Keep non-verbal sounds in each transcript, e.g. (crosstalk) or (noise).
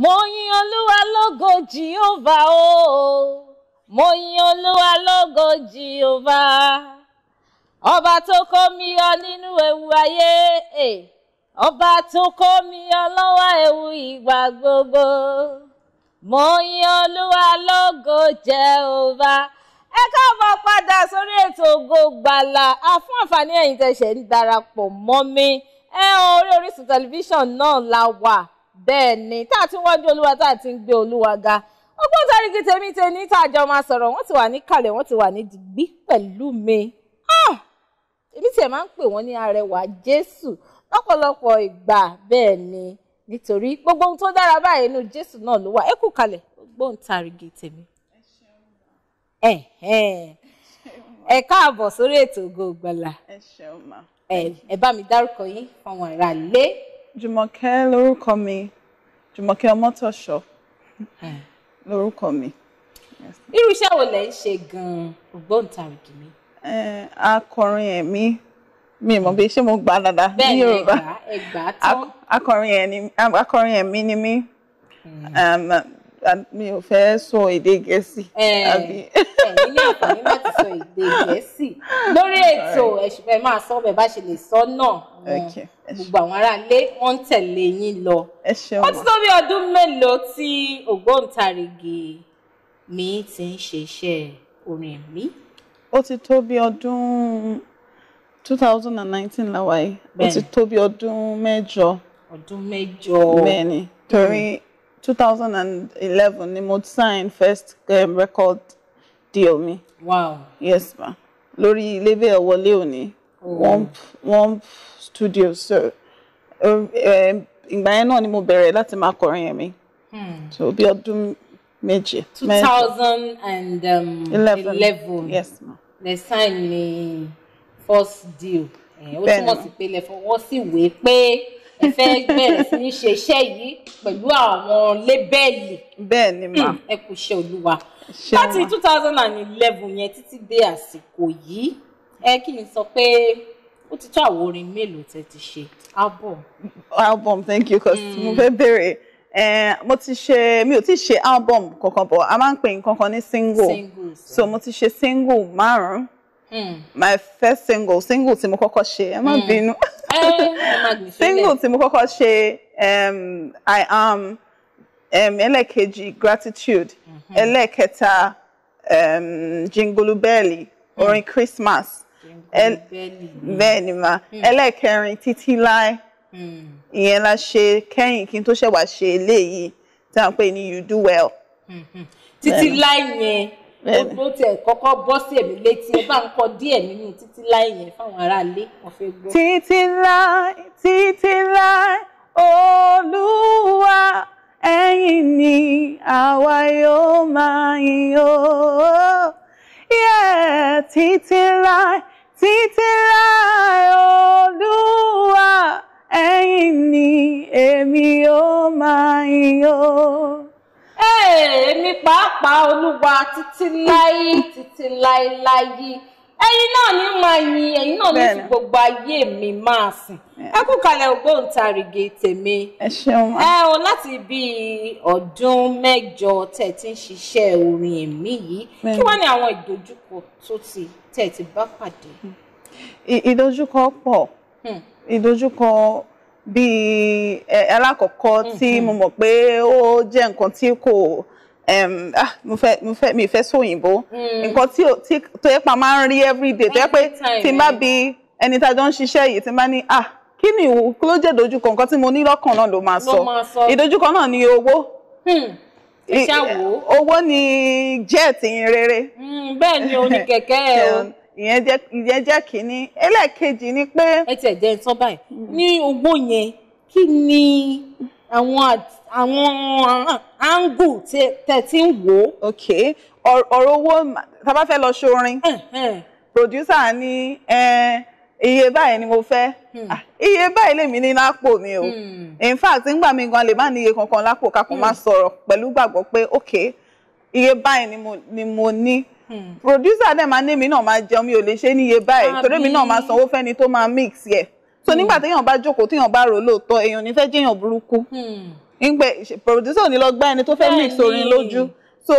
mo yin olúwa lógo jehova o mo yin olúwa lógo jehova ọba tó kó mi yọ nínú ewu ayé e. ọba tó kó mi yọ lọ́wọ́ ewu ìgbà gbogbo mo yin olúwa lógo jehova ẹ káàbọ̀ padà sórí ètò Ògo a fún àǹfààní ẹ̀yin tẹ̀sẹ̀ ń darapọ̀ mọ́ mi ẹ orí Orísun tẹlifíṣàn náà la wà bẹ́ẹ̀ ni tá a ti wájú olúwa tá a ti ń gbé olúwa ga ògbóǹtarìgì tèmi tèmi tá a jọ máa sọ̀rọ̀ wọ́n ti wà ní kalẹ̀ wọ́n ti wà ní digbí pẹ̀lú mi èmi tiẹ̀ máa ń pè wọ́n ní arẹwà jésù lọ́pọ̀lọpọ̀ ìgbà bẹ́ẹ̀ ni nítorí gbogbo ohun tó dára báyìí inú jésù náà ló wà ẹ kú kalẹ̀ ògbóǹtarìgì tèmi ẹ káàbọ̀ sórí ètò Ògo Ìgbàlà ẹ bá mi dárúkọ yín fún àwọn ìràlẹ́. Jùmọ̀kẹ́ lórúkọ mi Jùmọ̀kẹ́ Ọmọ́tọ̀ṣọ́ lórúkọ mi. irú iṣẹ́ wo lẹ̀ ń ṣe gan-an ògbóǹtarìgì mi. akọrin ẹ̀mí mi mọ̀ bí ṣé mo gbà dáadáa ní Yorùbá akọrin ẹ̀mí ni mí hmm mi ò fẹ́ sọ èdè gẹ̀ẹ́sì. ẹ̀yin ní àǹfààní láti sọ èdè gẹ̀ẹ́sì lórí ètò ẹ máa sọ bẹ́ẹ̀ bá ṣe lè sọ náà gbogbo àwọn aráalé wọn ń tẹ̀lé yín lọ. ó ti tó bí ọdún mélòó tí ògbóǹtarìgì mi ti ń ṣiṣẹ́ orin mi. ó ti tó bí ọdún 2019 la wà yìí ó ti tó bí ọdún mẹ́jọ. ọdún mẹ́jọ. bẹ́ẹ̀ni torí. Mm -hmm 2011 ni mo sign first um, record deal mi. wow yes ma lórí label Wọlé Òní oh. Womp Womp studio so um, um, ìgbà yẹn náà ni mo bẹ̀rẹ̀ láti máa kọrin yẹn mi hmm. so bí ọdún méje. two thousand and eleven yes ma. the sign ni first deal eh, ó túmọ̀ sí pé lẹ́fọ̀ọ́ wọ́n sì wé pé ẹ fẹ́ bẹ̀rẹ̀ sí ní ṣe iṣẹ́ yìí pẹ̀lú àwọn lébẹ́ẹ̀lì bẹ́ẹ̀ ni ma. Hmm, ẹ kò ṣe olúwa láti two thousand and eleven yẹn títí dé àsìkò yìí ẹ kí n sọ pé ó ti tó àwọn orin mélòó tẹ ti ṣe album. album thank you cos mo hmm. fẹ́ béèrè mo ti ṣe mi ò ti ṣe album kankan bọ̀ a máa ń pè nǹkan kan ní single so mo ti ṣe single márùn-ún hmm. my first single single tí mo kọ́kọ́ ṣe ẹ má bínú single tí mo kọ́kọ́ ṣe i am um, ẹlẹ́ẹ̀kejì gratitude mm-hmm. ẹlẹ́ẹ̀kẹta um, jingolu bẹ́ẹ̀lì mm. orin christmas bẹ́ẹ̀ ni ma mm. ẹlẹ́ẹ̀kẹrin títí láé mm. ìyẹn la ṣe kẹ́yìn kí n tó ṣẹ̀ ṣe eléyìí tí a ń pè ní you do well. Mm-hmm. Titi láé yẹn ó tiẹ̀ kọ́kọ́ bọ́ sí èmi létí ẹ bá ń kọ díẹ̀ nínú títí láì yẹn fáwọn aráalé wọn gbọ́. títí láì títí láì olúwa ẹ̀yin ni àwa yóò máa yìn ó yẹ títí olúwa títí láí títí láíláí ẹ̀yin náà ní máa yin ẹ̀yin náà ní gbogbo ayé mi máa sìn ẹ kú kalẹ̀ ògbóǹtarìgì tèmi ẹ ṣeun ẹ o láti bí ọdún mẹ́jọ tẹ́ ti ń ṣiṣẹ́ orin ẹ̀mí yìí kí wọ́n ní àwọn ìdojúkọ tó ti tẹ́ ti bá pàdé. ìdojúkọ pọ̀ hmm. ìdojúkọ bíi alákọ̀ọ́kọ́ tí hmm. mo mọ̀ pé ó jẹ́ nǹkan tí kò um, ah mo fẹ́ mo fẹ́ mi fẹ́ sóyìnbó hmm. nǹkan tí tí tó yẹ pa máa ń rí everyday tó yẹ pé tí n bá bi ẹni tá a jọ ń ṣiṣẹ́ yìí tí n bá ní ah kí ni ìwò kí ló jẹ́ ìdojúkọ nǹkan tí mo ní lọ́kàn náà ló máa sọ ìdojúkọ náà ni owó hmm. owó ni jet yín rere hmm, bẹ́ẹ̀ ni o ní (laughs) kẹ̀kẹ́ ìyẹn jẹ́ ìyẹn jẹ́ kínní ẹlẹ́ẹ̀kejì ni pé. ẹ tiẹ̀ jẹ́ ń tọ́ báyìí ní owó yẹn kí ni àwọn àwọn angle tẹ ti ń wò. ok ọ̀rọ̀ owó tá a bá fẹ́ lọ ṣorin producer ní iye báyìí ni mo fẹ́ hmm. ah, iye báyìí lèmi ní lápò mi o hmm. in fact ńgbà mi gan lè má ní iye kankan lápò kakàn máa hmm. sọ̀rọ̀ pẹ̀lú gbàgbọ́ pé ok iye báyìí ni mo ní producer dẹ̀ máa ní èmi náà máa jẹun mi ò lè ṣe ní iye báyìí torí èmi náà máa sanwó fẹ́ni tó máa mix yẹ so nígbà téèyàn bá jókòó téèyàn bá rò lóòótọ́ èèyàn ní fẹ́ jẹ́yàn burúkú ńgbẹ producer ò lọ gbá ẹni tó fẹ́ mix orin lójú so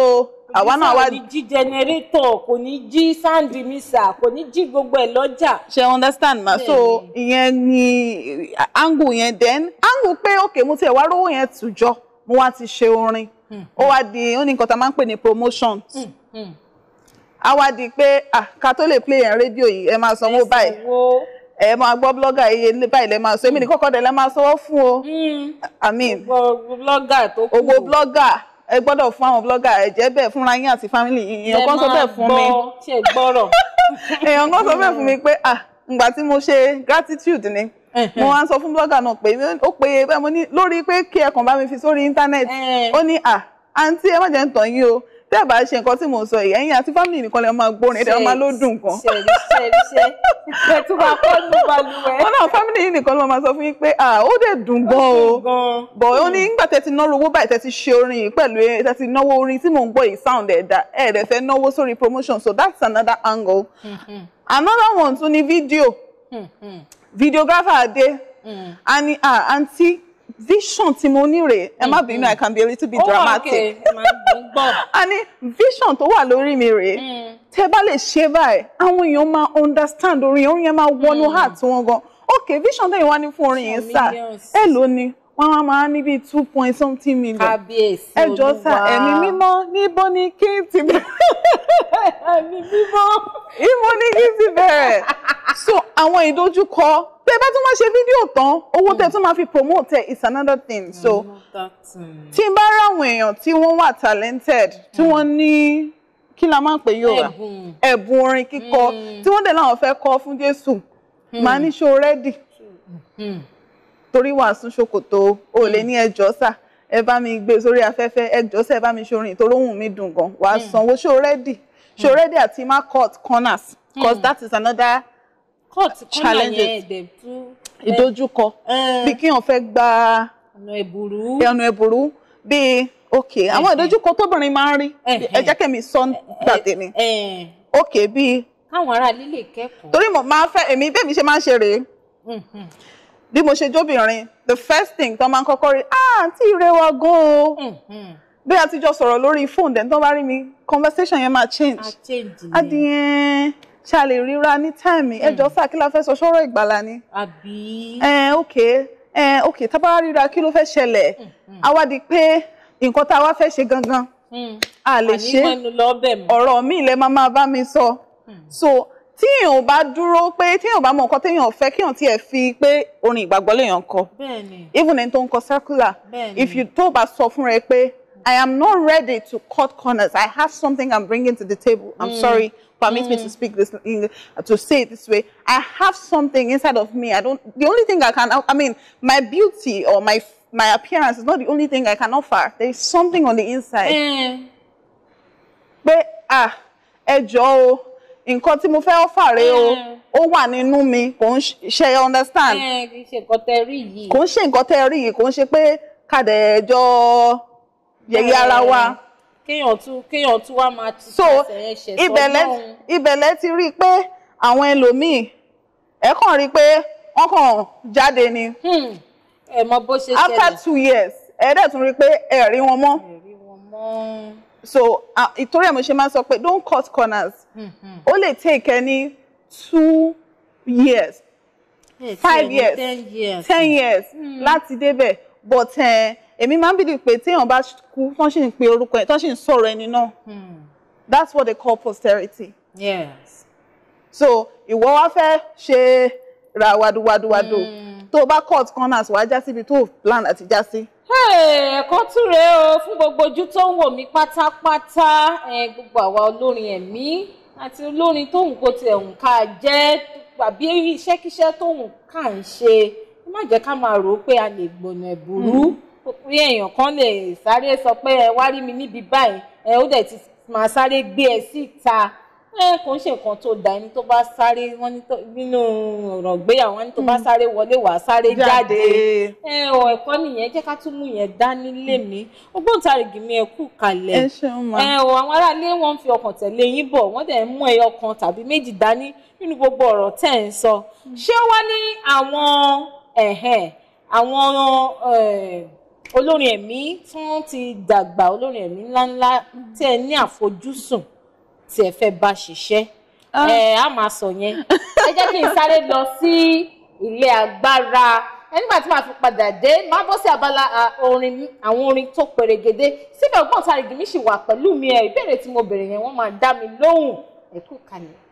àwa náà wá. kò ní jí generator kò ní jí sound mixer kò ní jí gbogbo ẹ̀ lọ́jà. ṣe understand ma so ìyẹn ni angu yẹn then Angu pé ok mo tiẹ̀ wá rówó yẹn tùjọ mo wá ti ṣe orin hmm, ó hmm. wá di ó ní nǹkan tá a máa ń pè ní promotions. Mm -hmm. a wá di pé ah ká tó lè play ẹ̀ rédíò yìí ẹ máa sanwó báyìí. ẹ sanwó ẹ máa gbọ́ blogger iye báyìí lẹ máa sọ èmi hmm. ní kọ́kọ́ dẹ̀ lẹ máa sanwó fún o hmm. i mean blogger tó kù gbogbo blogger ẹ gbọ́dọ̀ fún àwọn blogger ẹ̀jẹ̀ bẹ́ẹ̀ fúnra yín àti family èèyàn kan sọ bẹ́ẹ̀ fún mi (laughs) èèyàn kan sọ bẹ́ẹ̀ fún mi pé ah ngbà tí mo ṣe gratitude ni mo wá ń sọ fún blogger náà pé ó pé bẹ́ẹ̀ mo ní lórí pé kí ẹ kàn bá mi fi sórí íńtánẹ́ẹ̀tì ó ní ah àǹtí ẹ má jẹ́ ń tàn yín o tẹ́ ẹ̀ bá ṣe nǹkan tí mò sọ yìí ẹ̀yin àti fámìlì nìkan lè máa gbórin ẹ̀dẹ̀ máa ló dùn gan. ṣe ṣe ṣe ṣe tún máa kọ́ ní balùwẹ̀. wọn náà fámìlì yìí nìkan ló máa sọ fún yín pé à ó dẹ̀ dùn gan o bọ̀ ó ní nígbà tẹ́ ti náwó owó báyìí tẹ́ ti ṣe orin yìí pẹ̀lú tẹ́ ti náwó orin tí mò ń gbọ́ yìí sound ẹ̀dá ẹ̀ẹ́dẹ̀ fẹ́ náwó sórí promotion so that's another angle mm-hmm. another one tún ni video mm-hmm. videographer adé mm. a ní à àǹtí vision tí mo ní rè ẹ má mm-hmm. bínú i can be a little bit oh, dramatic (laughs) a ní vision tó wà lórí mi rè mm. tẹ bá lè ṣe báyìí àwọn èèyàn máa understand orin yẹn orin yẹn máa wọnú mm. heart wọn gan ok vision tẹ̀yìn wá ní fún orin yẹn sá ẹ ló ní wọn á máa ní two point something million ẹ jọ sá ẹ̀mí mímọ́ níbo ni kí n ti bẹ̀rẹ̀ (laughs) ẹ̀mí mímọ́ níbo ni kí n ti bẹ̀rẹ̀ so àwọn ìdojúkọ tẹ́ bá tún wá ṣe fídíò tán owó tẹ́ tún máa fi promote is another thing so tí n bá ráwọn èèyàn tí wọ́n wà talented tí hmm. wọ́n ní kí la máa ń pè yóò rà ẹ̀bùn orin kíkọ hmm. tí wọ́n dẹ̀ láwọn fẹ́ kọ́ fún Jésù máa hmm. ní ṣó rẹ́dì torí wàásù ṣòkòtò ò lè ní ẹjọ́ sà ẹ bá mi gbé sórí afẹ́fẹ́ ẹjọ́ sà ẹ bá mi ṣorin ìtoróhùn mi dùn gan wàá sanwó ṣó rẹ́dì ṣó rẹ́dì àti má cut corners cause that is another challenges (tsk) ìdojúkọ eh. bí kí wọn fẹ́ gba ọ̀nà ẹ̀bùrú bí ok àwọn ìdojúkọ tóbìnrin máa ń rí ẹ jẹ́ kẹ́mi sọ nígbà tèmi ok bí. káwọn ará lílè kẹ́kọ̀ọ́. torí mo máa ń fẹ́ èmi bẹ́ẹ̀ mi ṣe máa ń ṣe rèé mm-hmm. bí mo ṣe jóbìnrin the first thing tó máa ń kọ́kọ́ rí ah, àǹtí rẹ wa gan o mm-hmm. bí a ti jọ sọ̀rọ̀ lórí fóònù dẹ̀ tó bá rí mi conversation yẹn máa change. adìyẹn ṣe a lè ríra ní táìmì ẹjọ́ sáà kí la fẹ́ sọ sọ́rọ̀ ìgbàlà ni. àbí. ẹ ok ẹ ok tábàárà ríra kí ló fẹ́ ṣẹlẹ̀ hmm, hmm. awádìí pé nǹkan tá a wá fẹ́ ṣe gangan hmm. a lè ṣe ọ̀rọ̀ mi ilẹ̀ máa máa bá mi sọ so tí èèyàn ò bá dúró pé tí èèyàn ò bá mọ nǹkan tí èèyàn fẹ́ kí èèyàn tiẹ̀ fi pé orin ìgbàgbọ́ lèèyàn kọ even ẹni tó ń kọ circular if you tó bá sọ fúnra ẹ pé I am not ready to cut corners. I have something I'm bringing to the table. I'm mm. sorry, permit mm. me to mm. speak this, to say it this way. I have something inside of me. I don't, the only thing I can, I mean, my beauty or my, my appearance is not the only thing I can offer. There is something on the inside. Mm. But, ah, eh. ẹjọ́ nǹkan tí mo fẹ́ ọ́fà rẹ o eh. ó numi nínú mi kò ń ṣe understand. Eh, kò ń ṣe nǹkan tẹ́ rí yìí kò ń ṣe pé kàdé ẹjọ́ yẹ̀yẹ́ ara wa. kéèyàn tún kéèyàn tún wá máa tún ẹsẹ̀ yẹn ṣẹ̀tọ́ náà. ibẹ̀lẹ̀ ti rí i pé àwọn ẹlòmíì ẹ kàn rí i pé wọ́n kàn jáde ni. Hmm. ẹ mọ bó ṣe ṣẹlẹ̀ after two years ẹ dẹ̀ tún rí i pé ẹ rí wọn mọ́. so ìtorí ẹ̀ mo ṣe máa sọ pé don't cut corners. ó lè take ẹni two years five years ten years, ten years mm. láti débẹ̀ but. Uh, Emi máa ń bìlì pé téèyàn bá kú tán sì ń pe orúkọ ẹ̀ tán sì ń sọ̀rọ̀ hmm. that's what they call posterity. Yes. so ìwọ wá fẹ́ ṣe ra wàdùwàdùwàdù hmm. tó o bá cut corners wàá já síbi tó plan ati já sí. ẹ̀kọ́ tún rèé o fún gbogbo ojú tó ń wò mí pátápátá gbogbo àwa olórin ẹ̀mí àti olórin tó ń kó tiẹ̀ ń ká jẹ́ àbí iṣẹ́kíṣẹ́ tó ń kà ń ṣe má jẹ́ ká máa rò ó a lè gbọ̀nà ẹ̀bùrú. Mm rí èèyàn kan lè sáré sọ pé ẹ wá rí mi níbi báyìí ẹ ó dẹ̀ ti máa sáré gbé ẹ síta ẹ kò ń ṣe nǹkan tó da ẹni tó bá sáré wọn nínú ọ̀rọ̀ gbéyàwó wọn ni tó bá hmm. sáré wọlé wàá sáré jáde ẹ ọ ẹ̀kọ́ nìyẹn jẹ́ ká tún mú yẹn dání lèmi hmm. ògbóǹtarìgì mi ẹ kú kalẹ̀ ẹ ọ àwọn aráalé wọn ń fi ọkàn tẹ̀lé yín bọ̀ wọ́n dẹ̀ ń mú ẹyọ kan tàbí méjì dání nínú gbogbo ọ̀rọ̀ tẹ́ ń sọ hmm. ṣé wá ní àwọn àwọn olórin ẹ̀mí tí wọ́n ti dàgbà olórin ẹ̀mí ńláńlá tí ẹ ní àfojúsùn tí ẹ fẹ́ bá ṣiṣẹ́ ah. ẹ á máa sọ yẹn ẹ jẹ́ kí n sáré lọ sí ilé agbára nígbà tí màá fi padà dé máa bọ́ sí abala orin àwọn orin tó pèrègede síbẹ̀ ògbóǹtarìgì mi ṣì wà pẹ̀lú mi ẹ̀ ìbéèrè tí mo béèrè yẹn wọ́n máa dá mi lóhùn ẹ kalẹ̀.